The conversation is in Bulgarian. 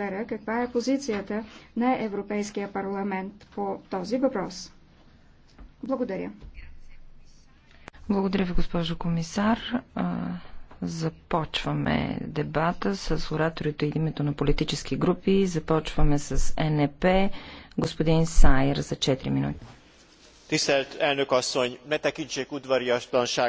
сфера, каква е позицията на Европейския парламент по този въпрос. Благодаря. Благодаря ви, госпожо комисар. Започваме дебата с ораторите и името на политически групи. Започваме с НП. Господин Сайер за 4 минути. Тиселт елнök asszony,